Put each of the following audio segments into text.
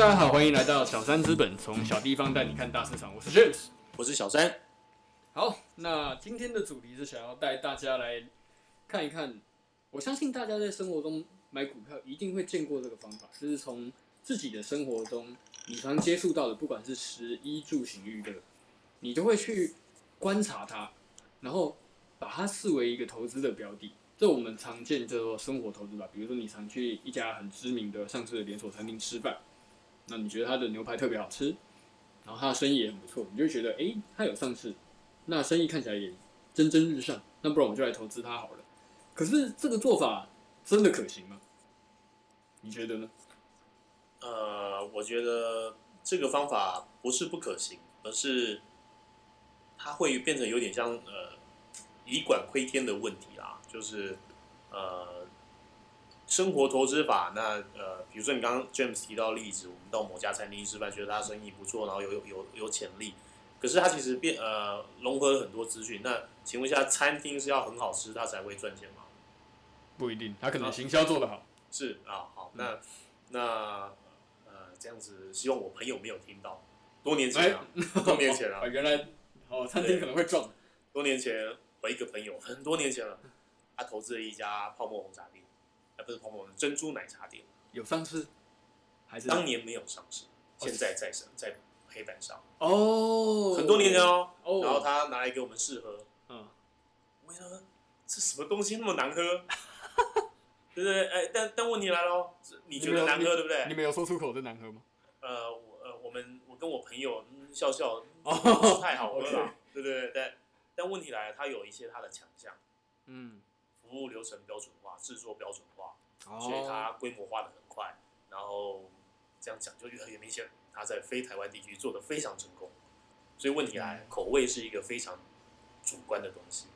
大家好，歡迎來到小三資本，從小地方帶你看大市場。我是 James，我是小三。好，那今天的主題是想要帶大家來看一看。我相信大家在生活中買股票一定會見過這個方法，就是從自己的生活中你常接觸到的，不管是食衣住行娛樂，你就會去觀察它，然後把它視為一個投資的標的。這我們常見叫做生活投資吧。比如說你常去一家很知名的上市的連鎖餐廳吃飯。那你覺得他的牛排特別好吃，然後他的生意也很不錯，你就會覺得哎、欸，他有上市，那生意看起來也蒸蒸日上，那不然我就來投資他好了。可是這個做法真的可行嗎？你覺得呢？呃，我覺得這個方法不是不可行，而是它會變成有點像呃以管窺天的問題啦、啊，就是呃。生活投資法，那呃，比如說你剛剛 James 提到例子，我們到某家餐廳吃飯，覺得他生意不錯，然後有有有有潛力，可是他其實變呃融合了很多資訊。那請問一下，餐廳是要很好吃他才會賺錢嗎？不一定，他可能行銷做得好。是啊，是好，好那、嗯、那呃這樣子，希望我朋友沒有聽到。多年前、啊，多、欸、年 前啊，哦、原來哦，餐廳可能會賺。多年前，我一個朋友，很多年前了，他投資了一家泡沫紅茶店。不是泡沫珍珠奶茶店，有上市，還是當年沒有上市？Oh, 現在在上，在黑板上哦，oh, 很多年了哦。Oh. 然後他拿來給我們試喝，嗯，為什麼？這是什麼東西那麼難喝？ 對不對，對？哎、欸，但但問題來了， 你覺得難喝對不對？你沒有，你你沒有說出口，的難喝嗎？呃，我呃，我們我跟我朋友、嗯、笑笑，嗯、太好喝了，oh, okay. 對對對？但但問題來，他有一些他的強項， 嗯，服務流程標準化，制作標準化。所以它規模化的很快，oh. 然後這樣講就越來越明顯，他在非台灣地區做的非常成功。所以問題來、嗯，口味是一個非常主觀的東西。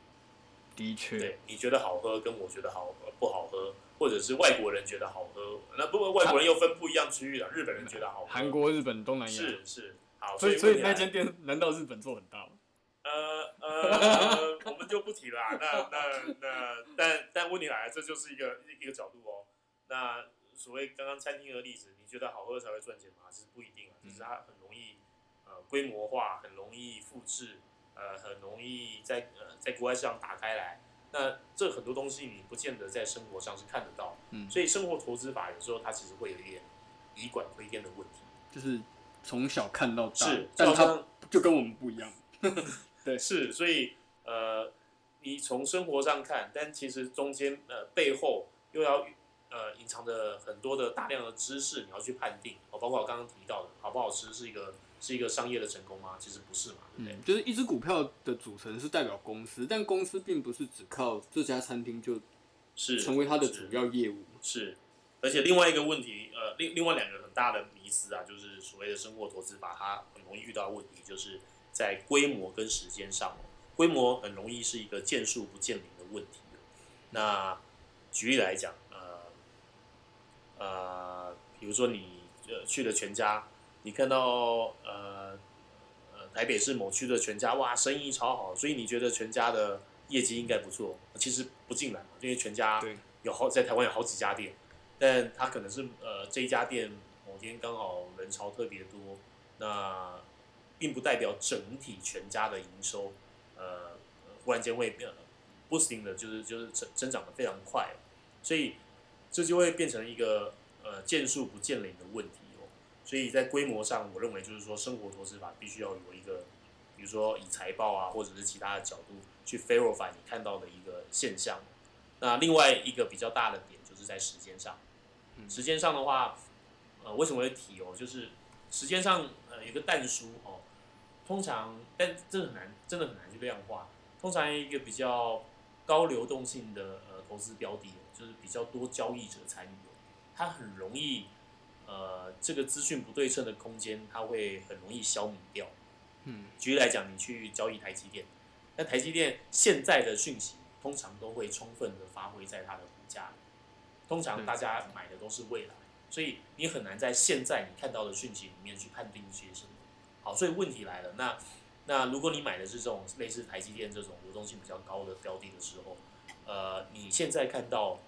的確，對你覺得好喝，跟我覺得好喝不好喝，或者是外國人覺得好喝，那不過外國人又分不一樣區域了。日本人覺得好喝，韓國、日本、東南亞是是好。所以,你所以,所以那間店難道日本做很大嗎？呃呃， 我們就不提啦。那那那,那，但但問題來，這就是一個一一個角度哦、喔。那所謂剛剛餐廳的例子，你覺得好喝才會賺錢嗎？其實不一定啊，就、嗯、是它很容易呃規模化，很容易複製，呃，很容易在呃在國外市場打開來。那這很多東西你不見得在生活上是看得到，嗯，所以生活投資法有時候它其實會有一點以管窺天的問題，就是從小看到大，是就，但它就跟我們不一樣，呵呵對， 是，所以呃，你從生活上看，但其實中間呃背後又要。呃，隱藏着很多的大量的知識，你要去判定，哦。包括我剛剛提到的，好不好吃是一個是一個商業的成功嗎？其實不是嘛，對，對、嗯、就是一隻股票的組成是代表公司，但公司並不是只靠這家餐廳就，是成為它的主要業務是是。是，而且另外一個問題，呃，另另外兩個很大的迷思啊，就是所謂的生活投資，把它很容易遇到問題，就是在規模跟時間上，哦，規模很容易是一個見樹不見林的問題。那舉例來講。呃，比如說你呃去了全家，你看到呃呃台北市某區的全家，哇，生意超好，所以你覺得全家的業績應該不錯。其實不盡然，因為全家有好在台灣有好幾家店，但他可能是呃這家店某天剛好人潮特別多，那並不代表整體全家的營收呃忽然間會變，Boosting 的就是就是增增長的非常快，所以。這就會變成一個呃見樹不見林的問題哦，所以在規模上，我認為就是說，生活投資法必須要有一個，比如說以財報啊，或者是其他的角度去 verify 你看到的一個現象。那另外一個比較大的點就是在時間上，嗯、時間上的話，呃，為什麼會提哦？就是時間上呃有個淡疏哦，通常但這很難，真的很難去量化。通常有一個比較高流動性的呃投資標的。就是比較多交易者參與，它很容易，呃，這個資訊不對稱的空間，它會很容易消弭掉。嗯，舉例來講，你去交易台積電，那台積電現在的訊息，通常都會充分的發揮在它的股價，通常大家買的都是未來，嗯，所以你很難在現在你看到的訊息裡面去判定一些什麼。好，所以問題來了，那那如果你買的是這種類似台積電這種流動性比較高的標的的時候。呃，你現在看到，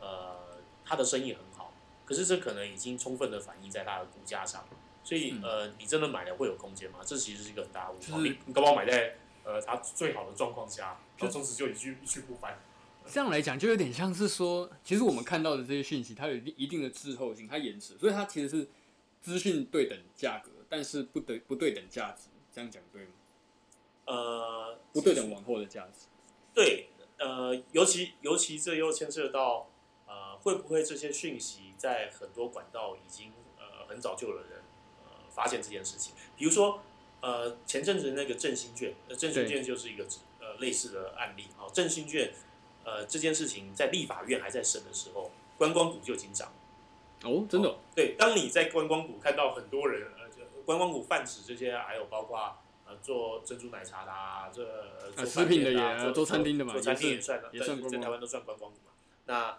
呃，他的生意很好，可是這可能已經充分的反映在他的股價上，所以、嗯、呃，你真的買了會有空間嗎？這其實是一個很大的問題。你剛好買在呃，他最好的狀況下，就從此就一去一去不返，嗯。這樣來講，就有點像是說，其實我們看到的這些訊息，它有一定的滯後性，它延遲，所以它其實是資訊對等價格，但是不對不對等價值，這樣講對嗎？呃，不對等往後的價值。對。呃，尤其尤其這又牽涉到，呃，會不會這些訊息在很多管道已經呃很早就有人呃發現這件事情？比如說，呃，前陣子那個振興券，呃，振興券就是一個呃類似的案例。好，啊，振興券，呃，這件事情在立法院還在審的時候，觀光股就已經漲。哦，真的？啊，對，當你在觀光股看到很多人，呃，就觀光股泛指這些，還有包括。呃，做珍珠奶茶的這、啊、食、啊啊、品的呀、啊，做餐廳的嘛，做餐廳也算,也是也算在台灣都算觀光股嘛。那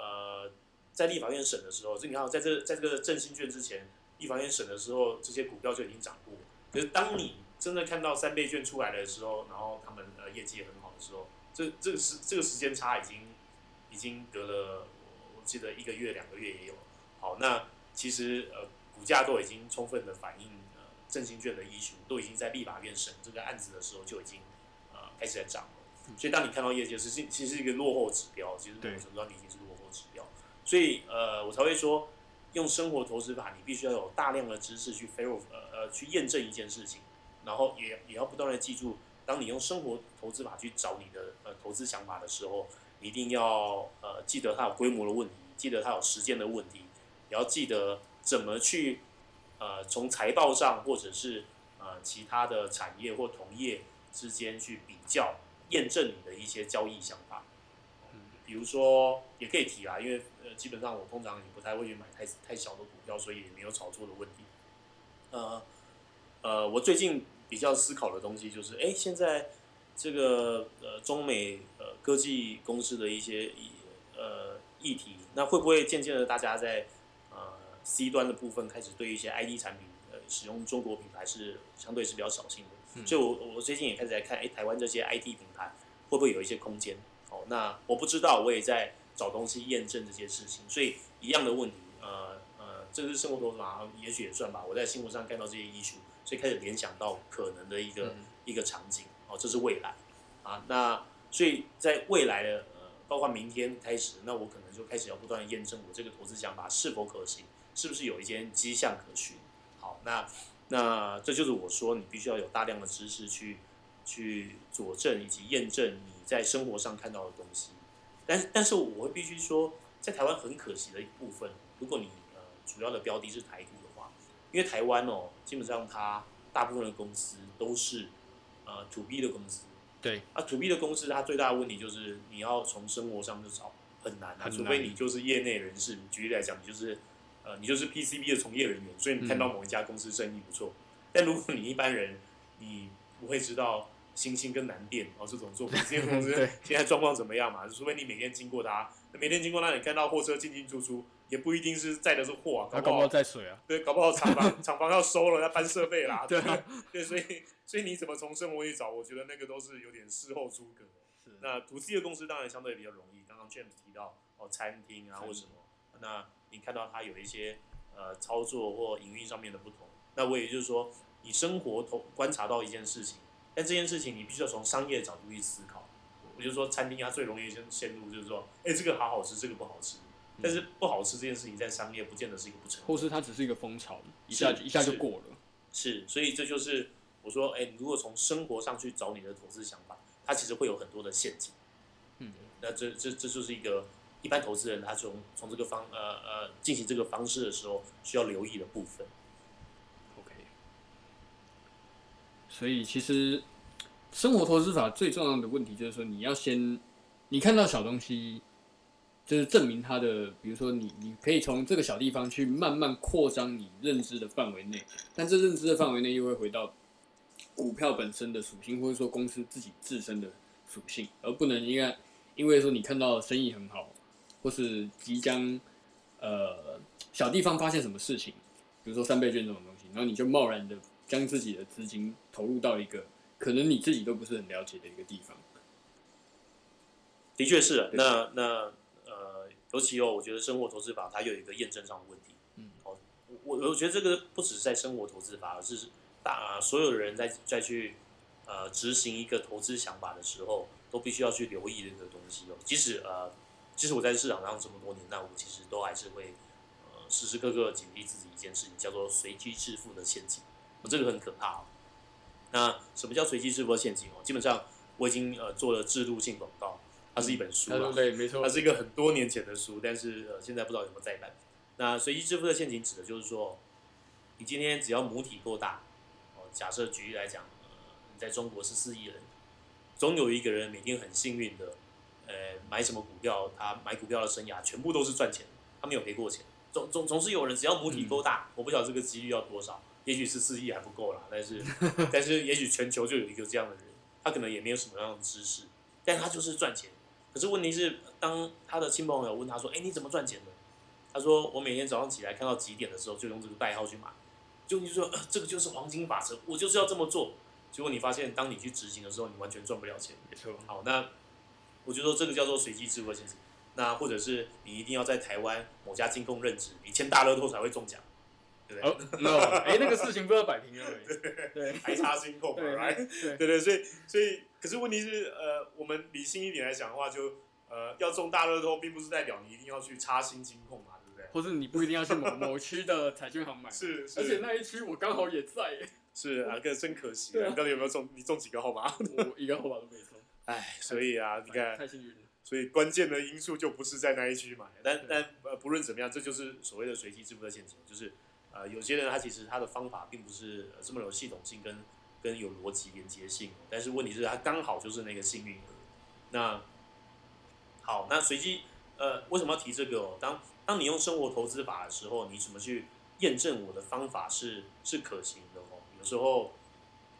呃，在立法院審的時候，就你看，在這在這個振興券之前，立法院審的時候，這些股票就已經漲過。可是當你真的看到三倍券出來的時候，然後他們呃業績也很好的時候，這這個時這個時間差已經已經隔了，我記得一個月兩個月也有。好，那其實呃股價都已經充分的反映。振興券的疫情都已經在立法院審這個案子的時候就已經、呃、開始在漲了，嗯，所以當你看到業界是是其實是一個落後指標，其實什麼什麼已經是落後指標，所以呃我才會說用生活投資法，你必須要有大量的知識去 f i 呃呃去驗證一件事情，然後也也要不斷地記住，當你用生活投資法去找你的呃投資想法的時候，你一定要呃記得它有規模的問題，記得它有時間的問題，也要記得怎麼去。呃，從財報上，或者是呃其他的產業或同業之間去比較，驗證你的一些交易想法。嗯，比如說也可以提啊，因為呃基本上我通常也不太會去買太太小的股票，所以也沒有炒作的問題。呃呃，我最近比較思考的東西就是，哎、欸，現在這個呃中美呃科技公司的一些呃議題，那會不會漸漸的大家在。C 端的部分開始對一些 ID 產品，呃，使用中國品牌，是相對是比較小心的。嗯、所以我，我我最近也開始來看，哎、欸，台灣這些 IT 品牌會不會有一些空間？哦，那我不知道，我也在找東西驗證這些事情。所以一樣的問題，呃呃，這是生活投資嘛，也許也算吧。我在新聞上看到這些藝術，所以開始聯想到可能的一個、嗯、一個場景。哦，這是未來，啊，那所以在未來的呃，包括明天開始，那我可能就開始要不斷的驗證我這個投資想法是否可行。是不是有一些跡象可循？好，那那這就是我說，你必須要有大量的知識去去佐證以及驗證你在生活上看到的東西。但是但是我會必須說，在台灣很可惜的一部分，如果你呃主要的標的是台股的話，因為台灣哦，基本上它大部分的公司都是呃 to B 的公司。對啊，to B 的公司它最大的問題就是你要從生活上去找很難、啊、很難，除非你就是業內人士。你舉例來講，你就是。呃，你就是 PCB 的從業人員，所以你看到某一家公司生意不錯、嗯，但如果你一般人，你不會知道欣興跟南電哦是怎麼做，這些公司現在狀況怎麼樣嘛？除非你每天經過它，每天經過那裡看到貨車進進出出，也不一定是載的是貨、啊，搞不好載、啊、水啊。對，搞不好廠廠房， 房要收了要搬設備啦。對對、啊、對，所以所以你怎麼從生活裡找？我覺得那個都是有點事後諸葛。那 ToC 的公司當然相對比較容易。剛剛 James 提到哦，餐廳啊或什麼，那。你看到它有一些呃操作或營運上面的不同，那我也就是說，你生活同觀察到一件事情，但這件事情你必須要從商業角度去思考。我就是說，餐廳它最容易先陷入就是說，誒、欸，這個好好吃，這個不好吃。但是不好吃這件事情在商業不見得是一個不成功，嗯、或是它只是一個風潮，一下一下就過了是。是，所以這就是我說，誒、欸，如果從生活上去找你的投資想法，它其實會有很多的陷阱。嗯，那這這這就是一個。一般投資人他，他從從這個方呃呃進行這個方式的時候，需要留意的部分，OK。所以其實生活投資法最重要的問題就是說，你要先你看到小東西，就是證明它的，比如說你你可以從這個小地方去慢慢擴張你認知的範圍內，但是認知的範圍內又會回到股票本身的屬性，或者說公司自己自身的屬性，而不能應該，因為說你看到生意很好。或是即將呃，小地方發現什麼事情，比如說三倍券這種東西，然後你就貿然的將自己的資金投入到一個可能你自己都不是很了解的一個地方。的確是，那那呃，尤其哦，我覺得生活投資法它有一個驗證上的問題，嗯，哦、我我我覺得這個不只是在生活投資法，而是大、啊、所有的人在在去呃執行一個投資想法的時候，都必須要去留意的一個東西哦，即使呃。其實我在市場上這麼多年，那我其實都還是會，呃、時時刻刻警惕自己一件事情，叫做“隨機致富”的陷阱，哦。這個很可怕，哦。那什麼叫“隨機致富”的陷阱？哦，基本上我已經呃做了置入性廣告，它是一本書啊，嗯、對，對，沒錯，它是一個很多年前的書，但是呃，現在不知道有沒有再版。那“隨機致富”的陷阱指的就是說，你今天只要母體夠大，哦，假設舉例來講，呃，你在中國是四億人，總有一個人每天很幸運的。呃，買什麼股票？他買股票的生涯全部都是賺錢，他沒有賠過錢。總總總是有人，只要母體夠大、嗯，我不曉得這個幾率要多少，也許是四億還不夠啦。但是， 但是，也許全球就有一個這樣的人，他可能也沒有什麼樣的知識，但他就是賺錢。可是問題是，當他的親朋好友問他說：“哎、欸，你怎麼賺錢的？”他說：“我每天早上起來看到幾點的時候，就用這個代號去買。就”就你說這個就是黃金法則，我就是要這麼做。結果你發現，當你去執行的時候，你完全賺不了錢。沒錯。好，那。.我覺得這個叫做隨機致富的陷阱，那或者是你一定要在台灣某家金控任職，你簽大樂透才會中獎，對不對？oh,No，哎、欸，那個事情不要擺平了。 對對，還差金控嘛 r、right? 對，對，對，對對，所以所以，可是問題是，呃，我們理性一點來講的話，就呃，要中大樂透，並不是代表你一定要去插新金控嘛，對不對？或是你不一定要去某某區的彩券行買 是，是，而且那一區我剛好也在耶。是啊，哥，真可惜，啊啊，你到底有沒有中？你中幾個號碼？我一個號碼都沒中。哎，所以啊，你看，所以關鍵的因素就不是在那一區買，但但不論怎麼樣，這就是所謂的隨機致富的陷阱，就是、呃、有些人他其實他的方法並不是這麼有系統性跟跟有邏輯連接性，但是問題是他剛好就是那個幸運兒。那好，那隨機呃，為什麼要提這個？當當你用生活投資法的時候，你怎麼去驗證我的方法是是可行的？哦，有時候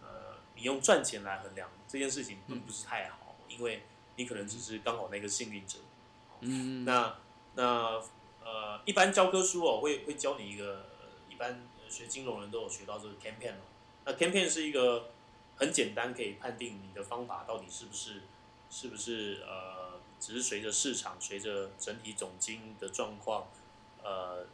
呃，你用賺錢來衡量。這件事情並不是太好，嗯，因為你可能只是剛好那個幸運者。嗯，那那呃，一般教科書哦，會會教你一個，一般學金融人都有學到這個 campaign 哦。那 campaign 是一個很簡單可以判定你的方法到底是不是是不是呃，只是隨着市場隨着整體總經的狀況，呃，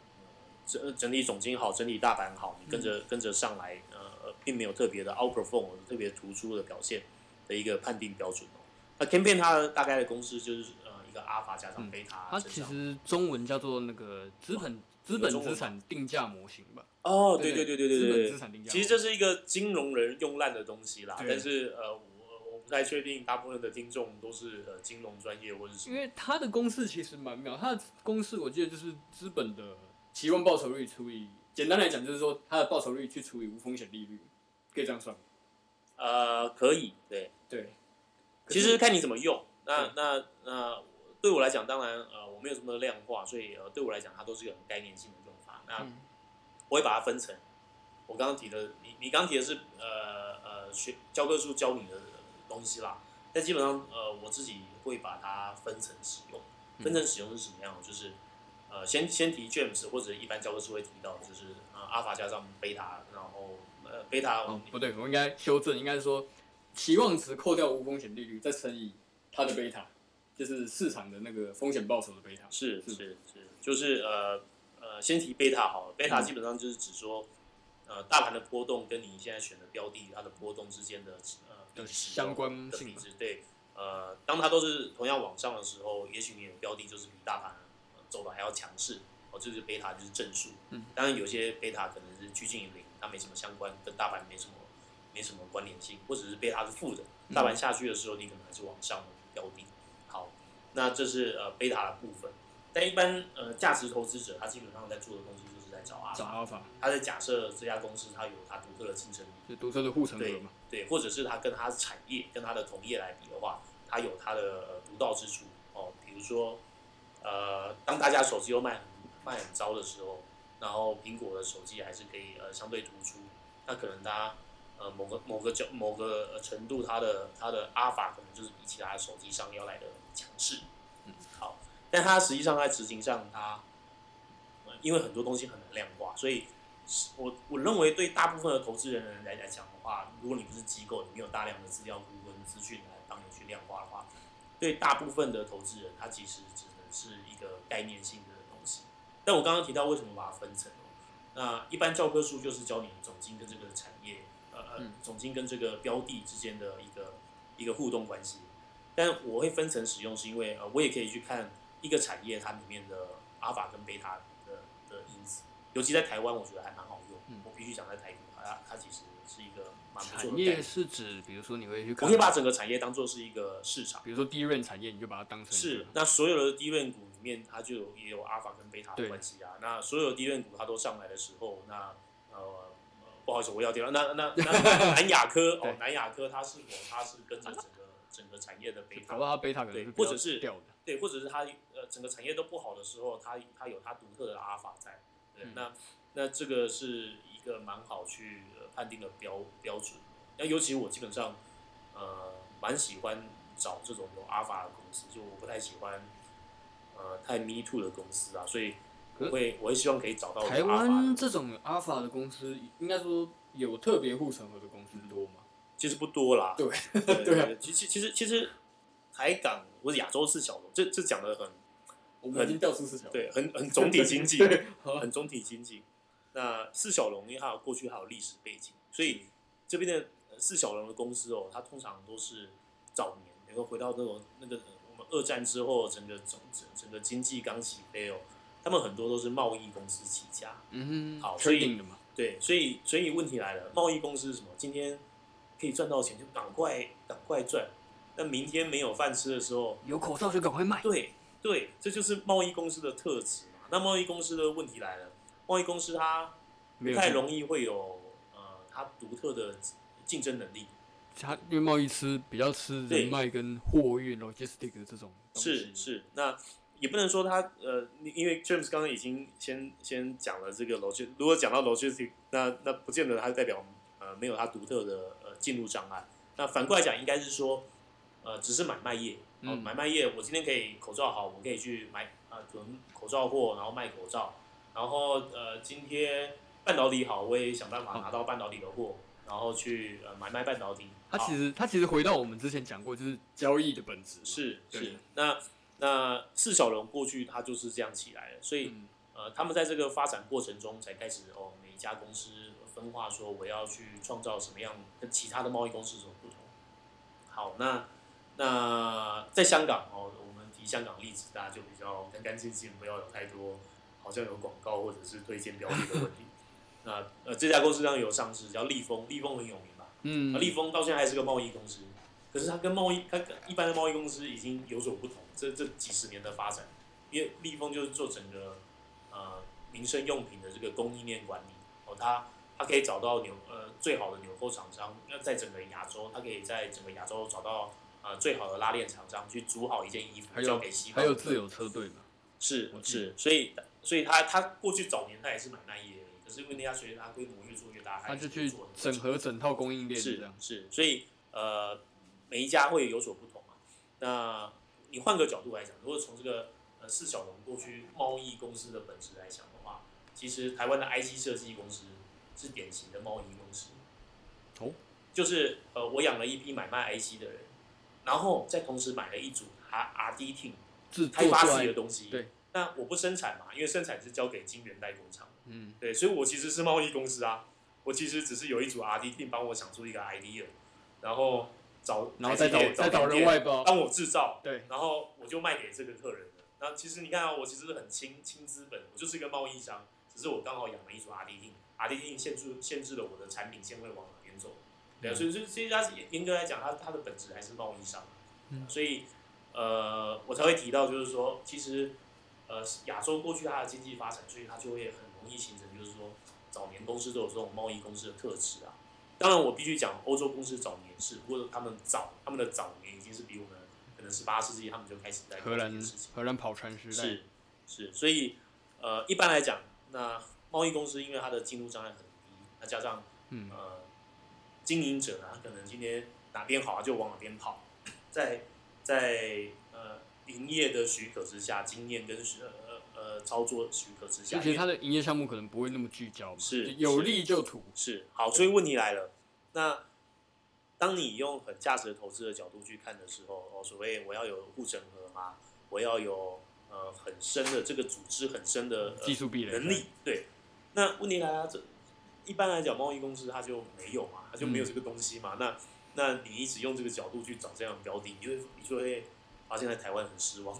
整整體總經好，整體大盤好，你跟着，嗯、跟着上來，呃，並沒有特別的 outperform 特別突出的表現。的一個判定標準、哦、那 CAPM 它大概的公式就是呃一個阿爾法加上貝塔、嗯。它其實中文叫做那個資本資、哦、本資產定價模型吧。哦，對對對對對資本資產定價。其實這是一個金融人用爛的東西啦，對對對，但是呃我我不太確定大部分的聽眾都是呃金融專業或是什麼。因為它的公式其實蠻妙，它的公式我記得就是資本的期望報酬率除以，簡單來講就是說它的報酬率去除以無風險利率，可以這樣算嗎？呃，可以，對對，其實看你怎麼用。那、嗯、那那,那對我來講，當然呃，我沒有什麼量化，所以呃，對我來講，它都是一個概念性的用法。那、嗯、我會把它分成，我剛剛提的，你你剛提的是呃呃學教科書教你的東西啦。但基本上呃，我自己會把它分層使用。分層使用是什麼樣的、嗯？就是呃，先先提 James 或者一般教科書會提到，就是呃，阿法加上貝塔，然後。貝、uh, 塔、哦、不對，我應該修正，應該是說期望值扣掉無風險利率，再乘以它的貝塔，就是市場的那個風險報酬的貝塔。是是是，就是呃呃，先提貝塔好了，貝、嗯、塔基本上就是指說呃大盤的波動跟你現在選的標的它的波動之間的呃的的相關性質對。呃，當它都是同樣往上的時候，也許你的標的就是比大盤、呃、走的還要強勢，哦，這、就是貝塔就是正數。嗯，當然有些貝塔可能是趨近於零。它沒什麼相關，跟大盤沒什麼沒什麼關聯性，或者是貝塔是負的，大盤下去的時候，你可能還是往上標的、嗯。好，那這是呃貝塔的部分。但一般呃價值投資者，他基本上在做的東西就是在找阿爾法。找阿爾法。他在假設這家公司它有它獨特的競爭力，就獨特的護城河嘛。對，或者是它跟它的產業、跟它的同業來比的話，它有它的獨到之處。哦，比如說，呃，當大家手機又賣很賣很糟的時候。然後蘋果的手機還是可以，呃，相對突出。那可能它，呃，某個某個角、某個程度他，它的它的阿爾法可能就是比其他手機商要來的強勢。嗯，好，但它實際上在執行上他，它、呃，因為很多東西很難量化，所以我我認為對大部分的投資人來來講的話，如果你不是機構，你沒有大量的資料、圖文資訊來幫你去量化的話，對大部分的投資人，他其實只能是一個概念性的。但我剛剛提到為什麼把它分層、哦、那一般教科書就是教你總經跟這個產業，呃、嗯、總經跟這個標的之間的一個一個互動關係。但我會分層使用，是因為呃，我也可以去看一個產業它裡面的阿法跟貝塔的的因子。尤其在台灣，我覺得還蠻好用。嗯、我必須講在台股，它它其實是一個蠻不錯的。產業是指，比如說你會去看，我可以把整個產業當做是一個市場。比如說 DRAM 產業，你就把它當成是那所有的 DRAM 股，裡面它就有也有阿爾法跟貝塔的關係啊。那所有 DRAM 股它都上來的時候，那呃不好意思，我要掉了。那那，那南亞科 哦，南亞科它是否它是跟着整個整個產業的貝塔？對，或者是掉的。 對，或者是它呃整個產業都不好的時候，它它有它獨特的阿爾法在。對，嗯、那那這個是一個蠻好去判定的標標準。那尤其我基本上呃蠻喜歡找這種有阿爾法的公司，就我不太喜歡。呃，太 me too 的公司啊，所以會我也希望可以找到的公司台灣這種 Alpha 的公司，應該說有特別護城河的公司多嗎？嗯？其實不多啦，對對、對 其，其實其實其實台港或者亞洲四小龍，這這講的很，我們已經跳出四小龍，對，很很總體經濟，很總體經濟。 那四小龍因為還有過去還有歷史背景，所以這邊的四小龍的公司哦，它通常都是早年能夠回到那種那個。我們二戰之後整個總整個整個經濟剛起飛哦，他們很多都是貿易公司起家，嗯哼，好，所以確定的嘛對，所以所以問題來了，貿易公司是什麼？今天可以賺到錢就趕快趕快賺，那明天沒有飯吃的時候，有口罩就趕快賣，對對，這就是貿易公司的特質嘛。那貿易公司的問題來了，貿易公司它不太容易會有，有呃它獨特的競爭能力。他因為貿易吃比較吃人脈跟貨運 logistic 的這種東西。是是，那也不能說他呃，因為 James 剛剛已經先先講了這個 logistic，如果講到 logistic，那那不見得它代表呃沒有它獨特的呃進入障礙。那反過來講，應該是說呃只是買賣業，嗯、買賣業我今天可以口罩好，我可以去買啊，囤、呃、口罩貨，然後賣口罩，然後呃今天半導體好，我也想辦法拿到半導體的貨。然後去呃買賣半導體，他其實他其實回到我們之前講過，就是交易的本質是是。那那四小龍過去他就是這樣起來的，所以、嗯、呃他們在這個發展過程中才開始哦每一家公司分化，說我要去創造什麼樣跟其他的貿易公司所不同。好，那那在香港哦，我們提香港例子大家就比較乾乾淨淨，不要有太多好像有廣告或者是推薦標的的問題。 那呃，這家公司當然有上市，叫利豐，利豐很有名吧？嗯，啊，利豐到現在還是個貿易公司，可是它跟貿易，它一般的貿易公司已經有所不同。這這幾十年的發展，因為利豐就是做整個呃民生用品的這個供應鏈管理，哦，他他可以找到紐，呃最好的紐扣廠商，那在整個亞洲，他可以在整個亞洲找到呃最好的拉鏈廠商，去組好一件衣服交給西方。還有自有車隊嘛、嗯，是是、嗯嗯，所以所以他他過去早年他也是買賣業。是因為那家隨着它規模越做越大，他還做，他就去整合整套供應鏈。是是，所以呃每一家會有所不同嘛、啊。那你換個角度來講，如果從這個呃四小龍過去貿易公司的本質來講的話，其實台灣的 IC 設計公司是典型的貿易公司。哦，就是呃我養了一批買賣 IC 的人，然後再同時買了一組 RD Team，開發的東西。對，那我不生產嘛，因為生產是交給晶圓代工廠。嗯，對，所以我其實是貿易公司啊，我其實只是有一組 RD 幫我想出一個 idea，然後找然後再找再找電電再人外包幫我制造，對，然後我就賣給這個客人了。那其實你看啊，我其實很輕輕資本，我就是一個貿易商，只是我剛好養了一組 RDRD 限制限制了我的產品線會往哪邊走，對，啊嗯、所以這這家嚴格來講它，它它的本質還是貿易商，嗯呃、所以呃，我才會提到就是說，其實呃，亞洲過去它的經濟發展，所以它就會很容易形成，就是說，早年公司都有這種貿易公司的特質啊。當然，我必須講，歐洲公司早年是，或者他們早，他們的早年已經是比我們可能十八世紀，他們就開始在荷蘭，荷蘭跑船時代，是是。所以，呃，一般來講，那貿易公司因為它的進入障礙很低，那加上，呃，經營者啊，可能今天哪邊好啊，就往哪邊跑，在在呃營業的許可之下，經驗跟許。呃呃，操作許可之下，而且它的營業項目可能不會那麼聚焦，是有利就圖是，是，是。好，所以問題來了，那當你用很價值的投資的角度去看的時候，哦，所謂我要有護城河嘛，我要有呃很深的這個組織很深的、呃、技術壁壘能力，對。那問題來了，這一般來講，貿易公司它就沒有嘛，它就沒有這個東西嘛。嗯、那那你一直用這個角度去找這樣的標的，你就你就會發現，在台灣很失望，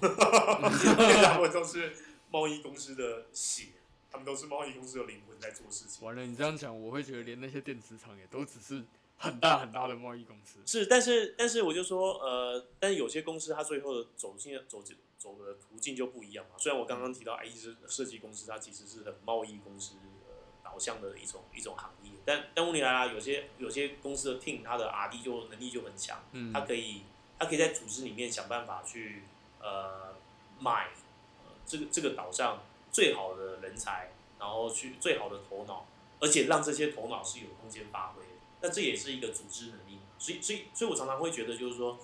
我就是。貿易公司的血，他們都是貿易公司的靈魂在做事情。完了，你這樣講，我會覺得連那些電子廠也都只是很大很大的貿易公司。是，但是但是我就說，呃，但是有些公司它最後的走進走進走走的途徑就不一樣嘛。雖然我剛剛提到 IE，哎，是設計公司，它其實是很貿易公司、呃、導向的一種一種行業。但但問題來了，有些有些公司的 team，他的 RD 就能力就很強，嗯，他可以他可以在組織裡面想辦法去呃買。這個這個島上最好的人才，然後去最好的頭腦，而且讓這些頭腦是有空間發揮的。那這也是一個組織能力。所以所以所以我常常會覺得，就是說，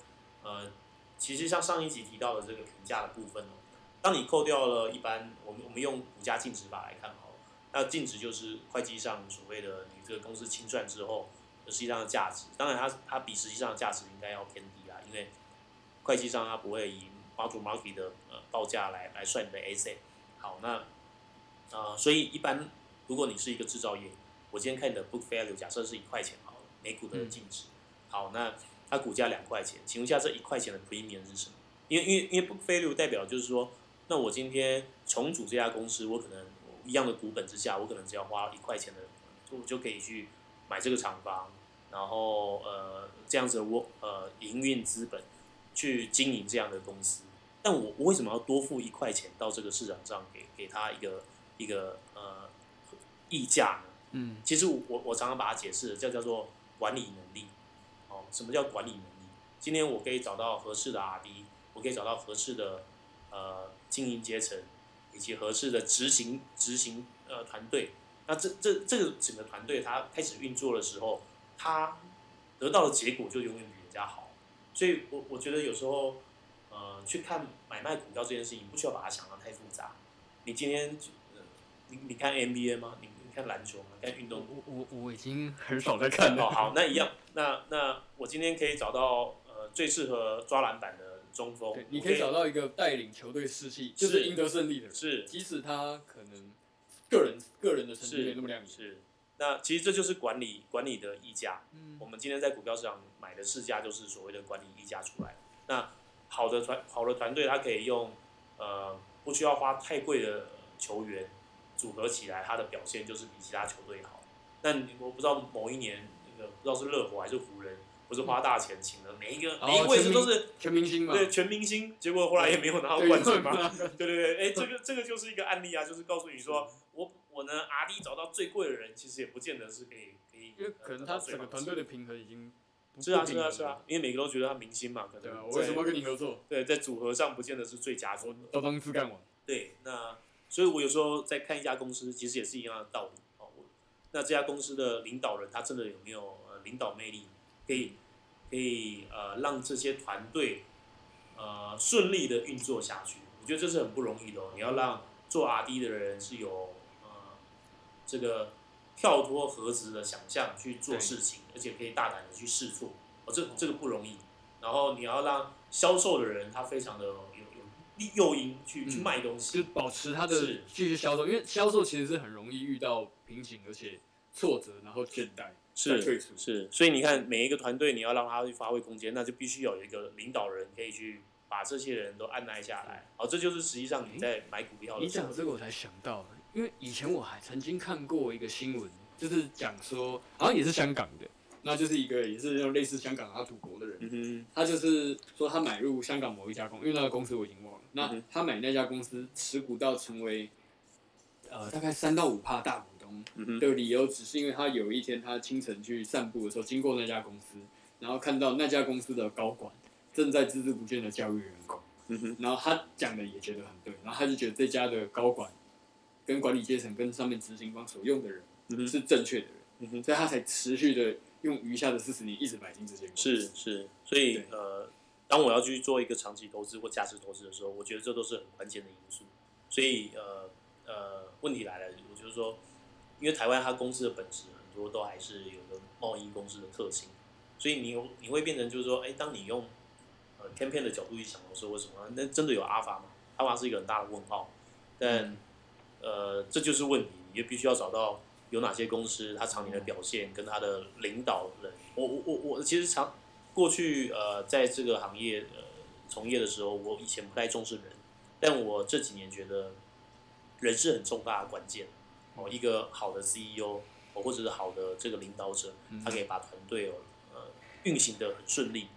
呃，其實像上一集提到的這個評價的部分哦，當你扣掉了一般，我們我們用股價淨值法來看好了，那淨值就是會計上所謂的你這個公司清算之後實際上的價值。當然它，它它比實際上的價值應該要偏低啊，因為會計上它不會以包主 market 的呃報價來來算你的 asset，好那啊、呃，所以一般如果你是一個製造業，我今天看你的 book value 假設是一塊錢好了，每股的淨值、嗯，好那它股價兩塊錢，請問一下這一塊錢的 premium 是什麼？因為因為因為 book value 代表就是說，那我今天重組這家公司，我可能我一樣的股本之下，我可能只要花一塊錢的就，我就可以去買這個廠房，然後呃這樣子我呃營運資本去經營這樣的公司。但我我為什麼要多付一塊錢到這個市場上給給他一個一個呃溢價呢？嗯，其實我我常常把它解釋叫叫做管理能力。哦，什麼叫管理能力？今天我可以找到合適的 RD，我可以找到合適的呃經營階層，以及合適的執行執行呃團隊。那這這這個整個團隊，他開始運作的時候，他得到的結果就永遠比人家好。所以我我覺得有時候。呃、去看買賣股票這件事情，不需要把它想得太複雜。你今天，呃、你你看 NBA 嗎？你你看籃球嗎？看運動？我我我已經很少在看了。 嗯哦、好，那一樣。那那我今天可以找到、呃、最適合抓籃板的中鋒。對，你可以找到一個帶領球隊士氣，就是贏得勝利的人。是，即使他可能個人個人的成績沒那麼亮眼。是，是。那其實這就是管理管理的溢價。嗯。我們今天在股票市場買的市價，就是所謂的管理溢價出來。那。好的團，好的團隊，他可以用，呃，不需要花太貴的球員組合起來，他的表現就是比其他球隊好。但我不知道某一年那個不知道是熱火還是湖人，不、嗯、是花大錢請的、哦，每一個每一位置都是全明星嘛？對，全明星，結果後來也沒有拿到冠軍嘛？對對對，哎、欸，這個這個就是一個案例啊，就是告訴你說，嗯、我我呢，阿弟找到最貴的人，其實也不見得是可以可以。可能他整個團隊的平衡已經。明明是啊是啊是啊，因為每個人都覺得他明星嘛，可能對、啊、我為什麼跟你合作？ 對，在組合上不見得是最佳組合。我到公司幹過。對，那所以，我有時候在看一家公司，其實也是一樣的道理哦。那這家公司的領導人，他真的有沒有、呃、領導魅力？可以，可以呃，讓這些團隊呃順利的運作下去、嗯。我覺得這是很不容易的、哦嗯。你要讓做 RD 的人是有呃這個。跳脫盒子的想象去做事情，而且可以大膽的去試錯，哦，這個、哦這個不容易。然後你要讓銷售的人他非常的有有，有誘因去、嗯、去賣東西，就保持他的繼續銷售，因為銷售其實是很容易遇到瓶頸，而且挫折，然後倦怠，是退出是，是。所以你看每一個團隊，你要讓他去發揮空間，那就必須有一個領導人可以去把這些人都按捺下來。好、哦，這就是實際上你在買股票的時候、嗯。你講這個我才想到。因為以前我還曾經看過一個新聞，就是講說，好像也是香港的，那就是一個也是類似香港他賭博的人，嗯，他就是說他買入香港某一家公司，因為那個公司我已經忘了，嗯、那他買那家公司持股到成為，呃，大概三到五趴大股東、嗯，的理由只是因為他有一天他清晨去散步的時候經過那家公司，然後看到那家公司的高管正在孜孜不倦的教育員工，嗯、然後他講的也覺得很對，然後他就覺得這家的高管。跟管理階層跟上面執行方所用的人是正確的人，嗯哼，所以他才持續的用餘下的四十年一直買進這些股。是是，所以呃，當我要去做一個長期投資或價值投資的時候，我覺得這都是很關鍵的因素。所以呃呃，問題來了，我就是說，因為台灣它公司的本質很多都還是有的貿易公司的特性，所以你有你會變成就是說，哎，當你用呃 campaign 的角度去想，我說為什麼那真的有阿法嗎？阿法是一個很大的問號，但，嗯。呃，這就是問題，你就必須要找到有哪些公司，他常年的表現跟他的領導人。我我我我，其實常，過去呃，在這個行業呃從業的時候，我以前不太重視人，但我這幾年覺得人是很重大的關鍵。哦，一個好的 CEO，哦或者是好的這個領導者，他可以把團隊哦、呃、運行的很順利。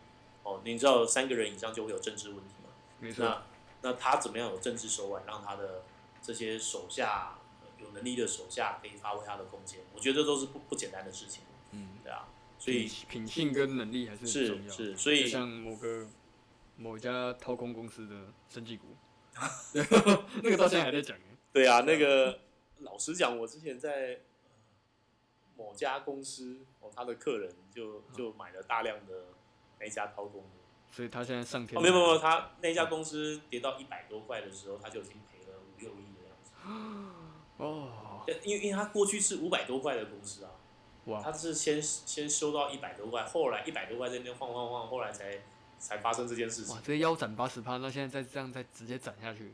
哦，你知道三個人以上就會有政治問題嗎？沒錯。那那他怎麼樣有政治手腕讓他的？這些手下有能力的手下可以發揮他的空間，我覺得這都是不不簡單的事情。嗯，對啊，所以,所以品性跟能力還是很重要的是。是，所以像某個某家掏空公司的生技股， 那個到現在還在講，對啊，那個 老實講，我之前在某家公司，哦，他的客人就就買了大量的那一家掏空的、嗯，所以他現在上天。哦、啊，沒有沒有，他那家公司跌到一百多塊的時候、嗯，他就已經賠了五六億。啊，哦，因為因為他過去是五百多塊的公司啊，哇！他是先先收到一百多塊，後來一百多塊在那邊晃晃晃，後來才才發生這件事情。哇，這腰斬八十趴，那現在再這樣再直接斬下去，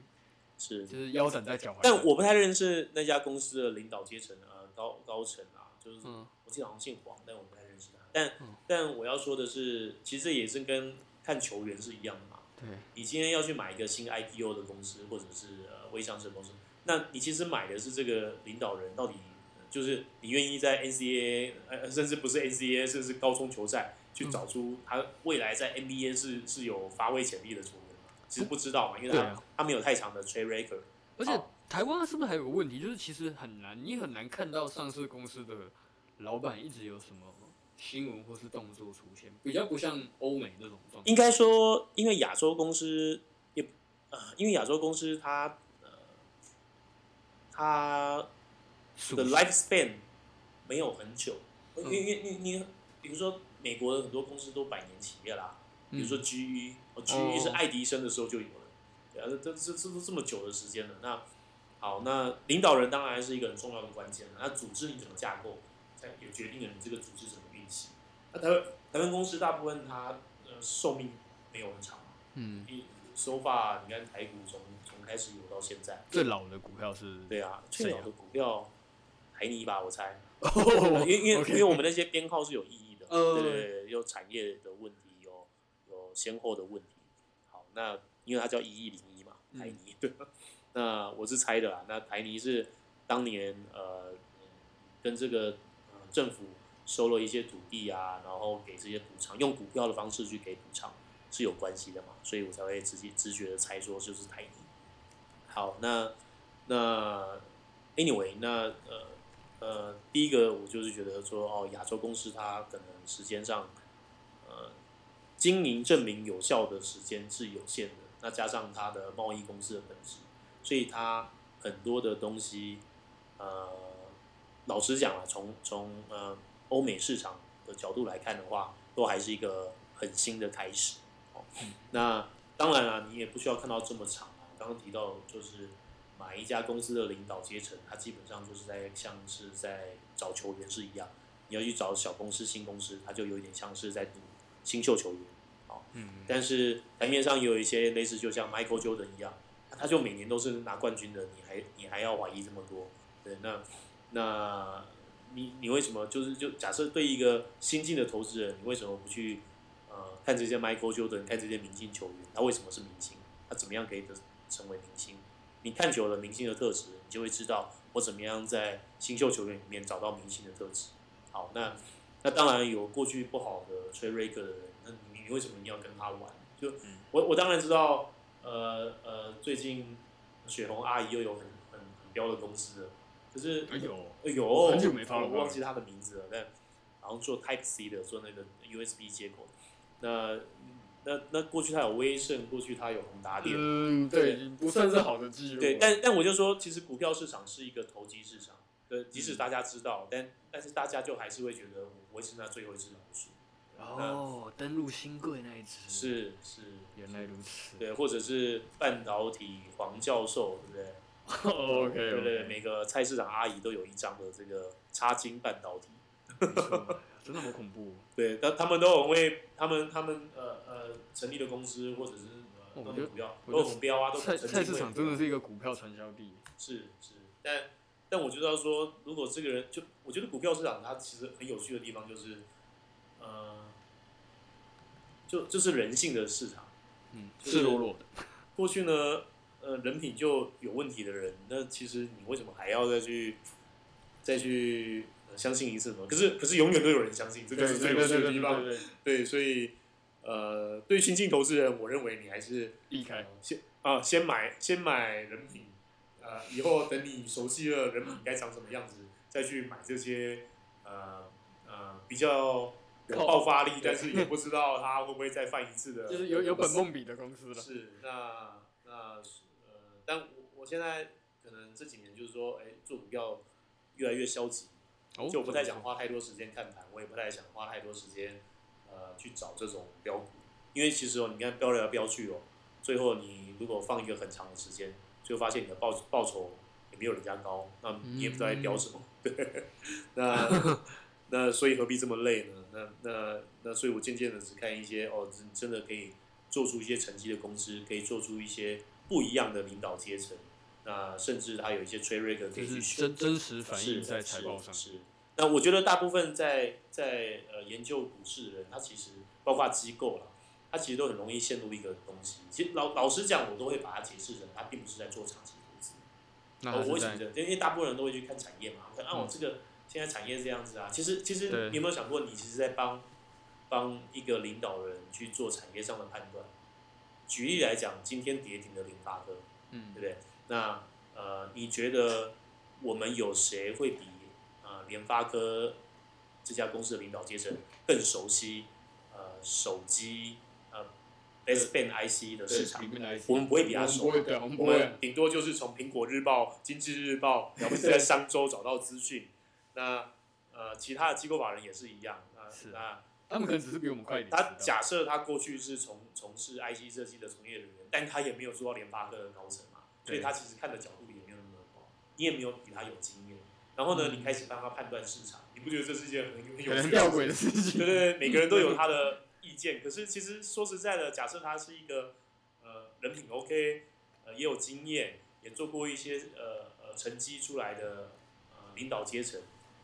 是就是腰斬在腳踝。但我不太認識那家公司的領導階層啊，高高層啊，就是、嗯、我記得好像姓黃，但我不太認識他。但、嗯、但我要說的是，其實也是跟看球員是一樣的嘛。對，你今天要去買一個新 IPO 的公司，或者是呃未上市公司。那你其實買的是這個領導人，到底就是你願意在 n c a 呃，甚至不是 n c a 甚至高中球賽，去找出他未來在 NBA 是是有發揮潛力的球員其實不知道嘛，因為他他沒有太長的 trade record。而且台灣是不是還有個問題，就是其實很難，你很難看到上市公司的老板一直有什麼新聞或是動作出現，比較不像歐美那種。應該說，因為亞洲公司也呃，因為亞洲公司它。他、uh, 的 lifespan 沒有很久。你你你你，你你比如說美國的很多公司都百年企業啦、啊嗯，比如說 GE，哦 GE 是愛迪生的時候就有了、哦，對啊，這這這都這麼久的時間了。那好，那領導人當然是一個很重要的關鍵了。那組織你怎麼架構，才有決定了你這個組織怎麼運行。那台灣台灣公司大部分它呃壽命沒有很長，嗯。So far, 你看，台股從從開始有到現在，最老的股票是？對啊，最老的股票，台泥吧，我猜。Oh, oh, oh, oh, okay. 因因因為我們那些編號是有意義的，uh, 對對對，有產業的問題，有有先後的問題。好，那因為它叫一一零一嘛、嗯，台泥。對， 那我是猜的啦。那台泥是當年呃、嗯，跟這個、呃、政府收了一些土地啊，然後給這些補償，用股票的方式去給補償。是有關係的嘛，所以我才會直接直覺的猜說就是台積。好，那那 anyway，那呃呃，第一個我就是覺得說，哦，亞洲公司它可能時間上，呃，經營證明有效的時間是有限的，那加上它的貿易公司的本質，所以它很多的東西，呃，老實講啊，從從呃歐美市場的角度來看的話，都還是一個很新的開始。嗯、那當然啊，你也不需要看到這麼長啊。剛剛提到就是，買一家公司的領導階層，他基本上就是在像是在找球員是一樣。你要去找小公司、新公司，他就有點像是在賭新秀球員啊。嗯，嗯，但是台面上也有一些類似，就像 Michael Jordan 一樣，他就每年都是拿冠軍的，你還你還要懷疑這麼多？對，那那你你為什麼就是就假設對一個新進的投資人，你為什麼不去？看這些 Michael Jordan，看這些明星球員，他為什麼是明星？他怎麼樣可以的成為明星？你看久了明星的特質，你就會知道我怎麼樣在新秀球員裡面找到明星的特質。好，那那當然有過去不好的 track record 的人那你，你為什麼你要跟他玩？就、嗯、我我當然知道，呃呃，最近雪紅阿姨又有很很很飆的公司了，可是哎呦，很久沒發了，哎、我忘記他的名字了。哎他字了哎他字了哎、但然後做 Type C 的，做那個 USB 接口。那、那、那過去它有威盛，過去它有宏達電，嗯，對，對，不算是好的記錄。對，但但我就說，其實股票市場是一個投機市場，呃，即使大家知道，嗯、但但是大家就還是會覺得，我是他最後一隻老鼠，哦，登陸新貴那一隻，是是，是，原來如此。對，或者是半導體黃教授，對不對？oh,？OK，, okay. 對，對，對，每個菜市場阿姨都有一張的這個差金半導體。 真的很恐怖，哦。對，但他，他們都很為他們他們呃呃成立的公司或者是那種、哦、股票都有標啊，都成立。菜市場真的是一個股票傳銷地。是是，但但我覺得要說，如果這個人就我覺得股票市場它其實很有趣的地方就是，呃，就就是人性的市場，嗯，赤裸裸的。就是，過去呢，呃，人品就有問題的人，那其實你為什麼還要再去再去？嗯相信一次嘛，可是可是永遠都有人相信，嗯、這個是最有趣的地方。對，所以呃，對新進投資人，我認為你還是避開先啊、呃，先買先買人品、呃，以後等你熟悉了人品該長什麼樣子，再去買這些呃呃比較有爆發力、嗯，但是也不知道他會不會再犯一次的，就是有有本夢比的公司了。是那那呃，但我我現在可能這幾年就是說，哎、欸，做股票越來越消極。Oh, 就我不太想花太多時間看盤，嗯，我也不太想花太多時間，呃，去找這種飆股，因為其實哦，你看飆來飆去哦，最後你如果放一個很長的時間，就發現你的報報酬也沒有人家高，那你也不知道在飆什麼，嗯對嗯、 那那所以何必這麼累呢？那那那所以，我漸漸的只看一些哦，你真的可以做出一些成績的公司，可以做出一些不一樣的領導階層。那甚至它有一些吹瑞格，可以去學，真實反映在財報上是。是，那我覺得大部分在在呃研究股市的人，他其實包括機構啦，他其實都很容易陷入一個東西。其實老老實講，我都會把它解釋成他並不是在做長期投資。那、呃、我會覺得，因為大部分人都會去看產業嘛，看啊、嗯，我這個現在產業這樣子啊。其實其實你有沒有想過，你其實在幫幫一個領導人去做產業上的判斷？舉例來講、嗯，今天跌停的零八哥，嗯，對不對？那呃，你覺得我們有誰會比呃聯發科這家公司的領導階層更熟悉呃手機呃 baseband IC 的市場？IC，我們不會比他熟，我們頂、啊、多就是從蘋果日報、經濟日報了不起在商周找到資訊。那呃，其他的機構法人也是一樣啊。是啊，他們可能只是比我們快一點。他假設他過去是從從事 IC 設計的從業人員，但他也沒有做到聯發科的高層。所以他其實看的角度也沒有那麼好，你也沒有比他有經驗。然後呢，嗯、你開始幫他判斷市場，你不覺得這是一件很有弔詭的事情？對對對，每個人都有他的意見。嗯、可是其實說實在的，假設他是一個呃人品 OK，呃也有經驗，也做過一些呃呃成績出來的呃領導階層，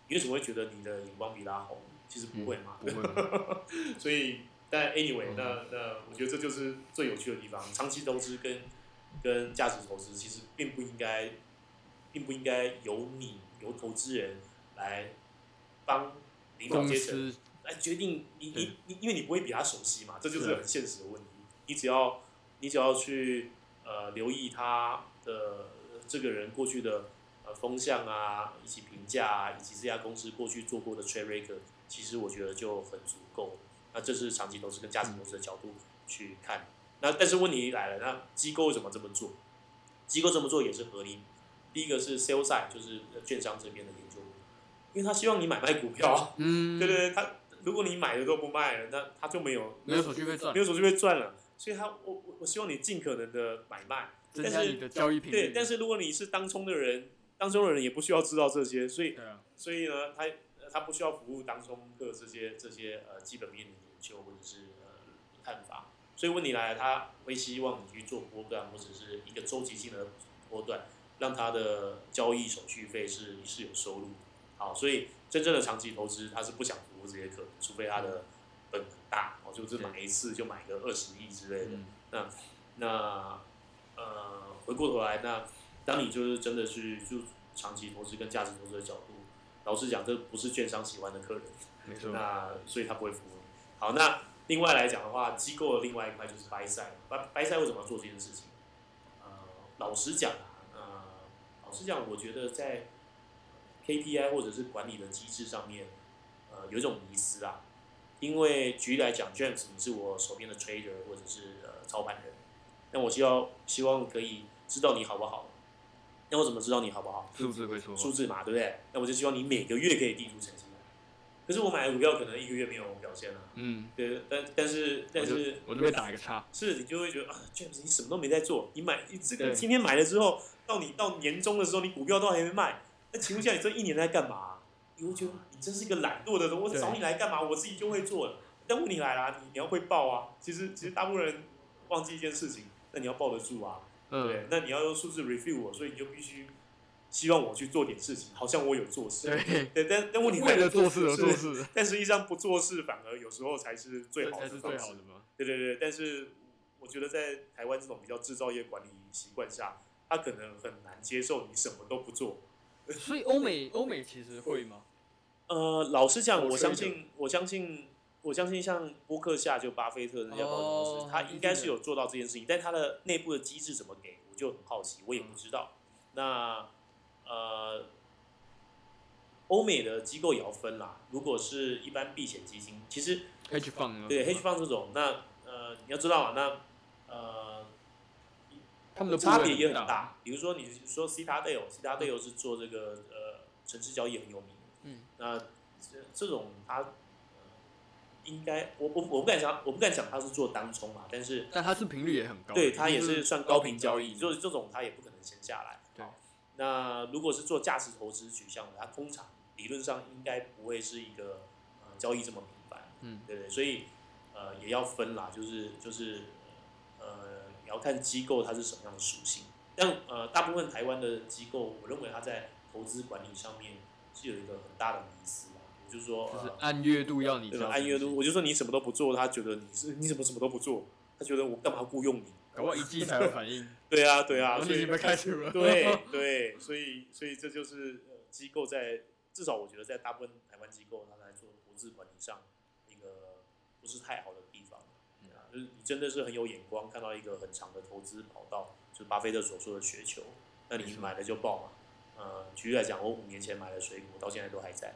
你為什麼會覺得你的眼光比他好？其實不會嘛、嗯。不會。 所以，但 anyway，、嗯、那那我覺得這就是最有趣的地方，長期投資跟跟價值投資其實並不應該，並不應該由你由投資人來幫，領導階層來決定你你你，因為你不會比他熟悉嘛，嗯、這就是很現實的問題。你只要你只要去呃留意他的這個人過去的呃風向啊，以及評價、啊，以及這家公司過去做過的 trade record，其實我覺得就很足夠。那這是長期投資跟價值投資的角度去看。嗯那、啊、但是問題來了，那、啊、機構為什麼這麼做？機構這麼做也是合理。第一個是 sales side，就是券商這邊的研究，因為他希望你買賣股票，嗯，對對對，他如果你買的都不賣了，他他就沒有沒有手續費賺，沒有手續費賺、賺、賺了，所以他我我我希望你盡可能的買賣，增加你的交易頻率。對，但是如果你是當沖的人，當沖的人也不需要知道這些，所以、啊、所以呢，他他不需要服務當沖的這些這些呃基本面的研究或者是看、呃、法。所以問題來了，他會希望你去做波段或者是一個週期性的波段，讓他的交易手續費是是有收入。好，所以真正的長期投資，他是不想服務這些客，除非他的本很大，哦，就是買一次就買個二十億之類的。嗯、那那呃，回過頭來，那當你就是真的去就長期投資跟價值投資的角度，老實講，這不是券商喜歡的客人，沒錯。那所以他不會服務。好，那。另外來講的話，機構的另外一塊就是掰賽，掰掰賽為什麼要做這件事情？呃，老實講啊，呃，老實講，我覺得在 KPI 或者是管理的機制上面，呃，有一種迷思啊。因為舉例來講，James，你是我手邊的 trader 或者是呃操盤人，那我希望希望可以知道你好不好。那我怎麼知道你好不好？數字會數字嘛，對不對？那我就希望你每個月可以遞出成績。可是我買的股票可能一個月沒有表現了，嗯，對，但但是但是，我就會打一個叉，是，你就會覺得啊，James，你什麼都沒在做，你買你這個今天買了之後，到你到年終的時候，你股票都還沒賣，那請問一下，你這一年在幹嘛啊？你會覺得你真是一個懶惰的人，我找你來幹嘛？我自己就會做，但問題來了，你你要會報啊。其實其實大部分人忘記一件事情，那你要抱得住啊，嗯、對，那你要用數字 review 我，所以你就必須。希望我去做點事情，好像我有做事。對，對但但問題，為了做事而做事是，但實際上不做事反而有時候才是最好的，的。最好的嗎？對對對，但是我覺得在台灣這種比較製造業管理習慣下，他可能很難接受你什麼都不做。所以歐美歐美其實會嗎？呃、嗯，老實講，我相信我相信我相信，我相信像波克夏就巴菲特那家保險公司，他應該是有做到這件事情，但他的內部的機制怎麼給，我就很好奇，我也不知道。嗯、那呃，歐美的機構也要分啦。如果是一般避險基金，其實 H f u n 對 H f u n 這種，那呃，你要知道啊，那呃，他們的差別也很大。比如說你說 C 投隊友，C 投隊友是做這個呃，城市交易很有名。嗯，那這這種他、呃、應該我我我不敢想，我不敢想他是做單沖嘛，但是但他是頻率也很高，對他也是算高頻交易，就是這種他也不可能簽下來。那如果是做價值投資取向的，它通常理論上應該不會是一個、呃、交易這麼頻繁，嗯，對不對，對？所以、呃、也要分啦，就是就是呃你要看機構它是什麼樣的屬性。但呃大部分台灣的機構，我認為它在投資管理上面是有一個很大的迷思嘛。我就說就、呃、是按月度要你對吧？按月度，我就說你什麼都不做，他覺得你是你怎麼什麼都不做？他覺得我幹嘛要雇傭你？搞我一季才有反應。 對啊，對啊，所以你們開始嗎？對對，所以所以這就是機構在，至少我覺得在大部分台灣機構，他們來做投資管理上一個不是太好的地方、嗯啊。就是你真的是很有眼光，看到一個很長的投資跑道，就是巴菲特所說的雪球，那你買了就爆嘛。呃、嗯，其實來講，我五年前買的水果，到現在都還在。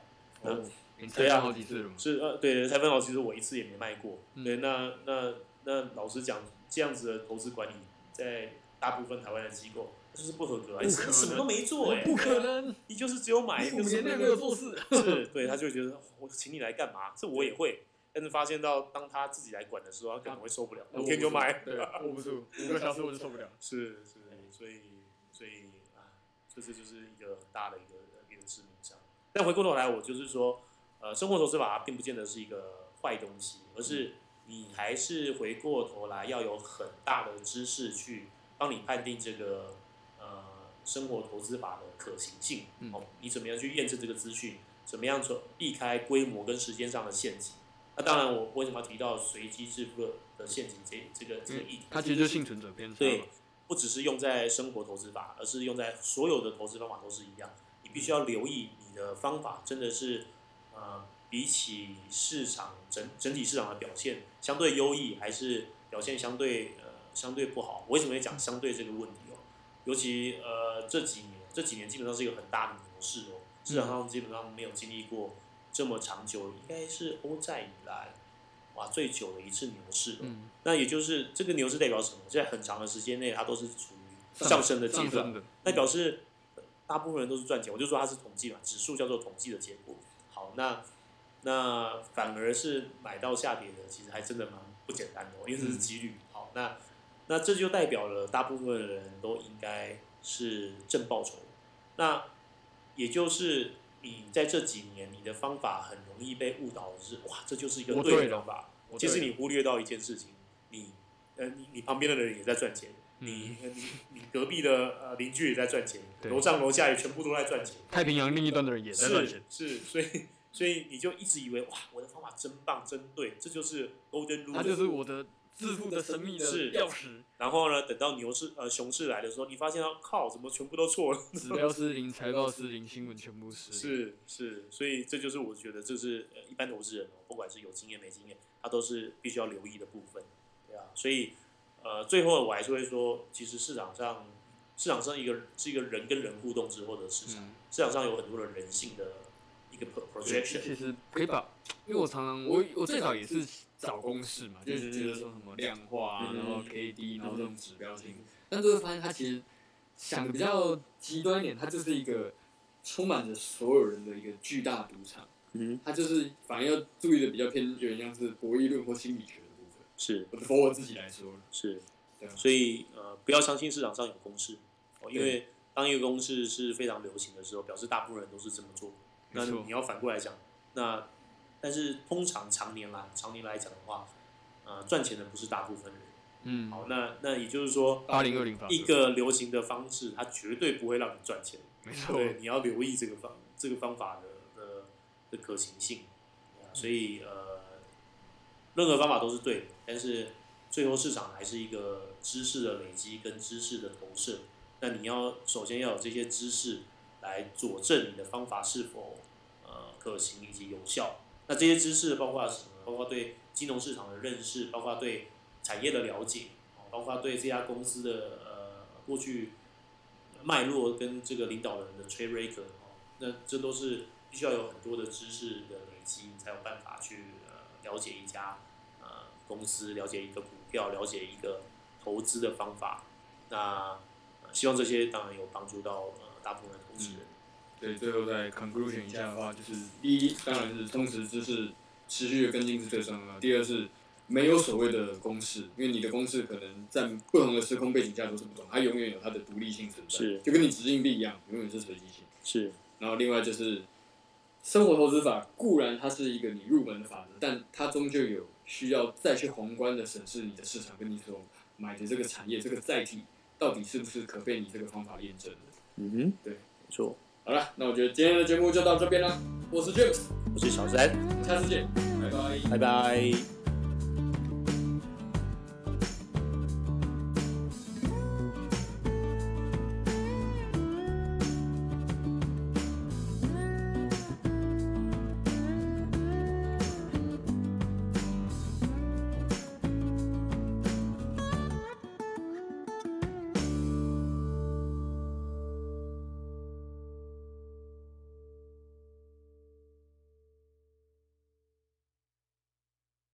哦、嗯，對啊，你好幾次。是呃，對，台灣老師，其實我一次也沒賣過。嗯、對，那那那老實講，這樣子的投資管理在。大部分台灣的機構就是不合格，啊，你什麼都沒做，欸，哎，不可能，你就是只有買，我們連那個做事，是，對，他就會覺得我請你來幹嘛？這我也會，但是發現到當他自己來管的時候，他可能會受不了，五天就賣，對，五五個小時我就受不了， 是是，是，所以所以啊，以這這就是一個很大的一個一個致命傷。但回過頭來，我就是說，呃，生活投資法並不見得是一個壞東西，而是你還是回過頭來要有很大的知識去。幫你判定，這個呃生活投資法的可行性、嗯，哦，你怎麼樣去驗證這個資訊？怎麼樣從避開規模跟時間上的陷阱？那當然，我為什麼要提到隨機致富的陷阱這這個這個議題？它其實就是幸存者偏差。對，不只是用在生活投資法，而是用在所有的投資方法都是一樣。你必須要留意你的方法真的是呃比起市場整整體市場的表現相對優異，還是表現相對？呃相對不好，我為什麼要講相對這個問題哦？尤其呃這幾年，這幾年基本上是一個很大的牛市哦，市場上基本上沒有經歷過這麼長久，應該是歐債以來，哇最久的一次牛市了，哦嗯。那也就是這個牛市代表什麼？在很長的時間內，它都是處於上升的階段，那，嗯、表示大部分人都是賺錢。我就說它是統計嘛，指數叫做統計的結果。好，那那反而是買到下跌的，其實還真的蠻不簡單的哦，因為這是幾率。嗯、好，那。那這就代表了大部分人都應該是正報酬，那也就是你在這幾年你的方法很容易被誤導，是哇，這就是一個對的方法。其實你忽略到一件事情，你呃你你旁邊的人也在賺錢，你你你隔壁的呃鄰居也在賺錢，樓上樓下也全部都在賺錢，太平洋另一端的人也在賺錢。是是，所以所以你就一直以為哇，我的方法真棒真對，這就是 Golden Rule，就是我的。.致富的神祕的鑰匙，然後呢？等到牛市呃熊市來的時候，你發現啊，靠，什麼全部都錯了？指標失靈，財報失靈，新聞全部是是是。所以這就是我覺得，這是呃，一般投資人哦，不管是有經驗沒經驗，他都是必須要留意的部分，對啊。所以呃，最後我還是會說，其實市場上市場上一個是一個人跟人互動之後的市場，嗯、市場上有很多的人性的一個 projection，其實可以把，因為我常常我我，我最早也是。是找公式嘛，對對對就是覺得說什麼量化，啊、對對，然後 KD，嗯、然後這種指標性，但都會發現，它其實想的比較極端一點，它就是一個充滿着所有人的一個巨大賭場。嗯，他就是反而要注意的比較偏，就像是博弈論或心理學的部分。是，從我自己來說，是。所以呃，不要相信市場上有公式，哦，因為當一個公式是非常流行的時候，表示大部分人都是這麼做。沒錯。那你要反過來講，那。但是通常常年來常年來講的話，呃、賺錢的不是大部分人。嗯，好，那那也就是說，八零二零，一個流行的方式，它絕對不會讓你賺錢。沒錯，對，你要留意這個方這個方法的的、呃、的可行性。所以呃，任何方法都是對的，但是最終市場還是一個知識的累積跟知識的投射。那你要首先要有這些知識來佐證你的方法是否、呃、可行以及有效。那這些知識包括什麼？包括對金融市場的認識，包括對產業的了解，包括對這家公司的呃過去脈絡跟這個領導人的 track record 哦，那這都是必須要有很多的知識的累積，才有辦法去呃了解一家呃公司，了解一個股票，了解一個投資的方法。那希望這些當然有幫助到呃大部分的投資人。嗯對，最後再 conclusion 一下的話，就是第一，當然是充實知識，持續的跟進是最重要的；第二是，沒有所謂的公式，因為你的公式可能在不同的時空背景下都是不同，它永遠有它的獨立性存在，是，就跟你擲硬幣一樣，永遠是隨機性。是，然後另外就是，生活投資法固然它是一個你入門的法則，但它終究有需要再去宏觀的審視你的市場，跟你所買的這個產業這個載體到底是不是可被你這個方法驗證的。嗯，對，沒錯。好了，那我覺得今天的節目就到這邊了。我是 James，我是小陳，下次見，拜拜，拜拜。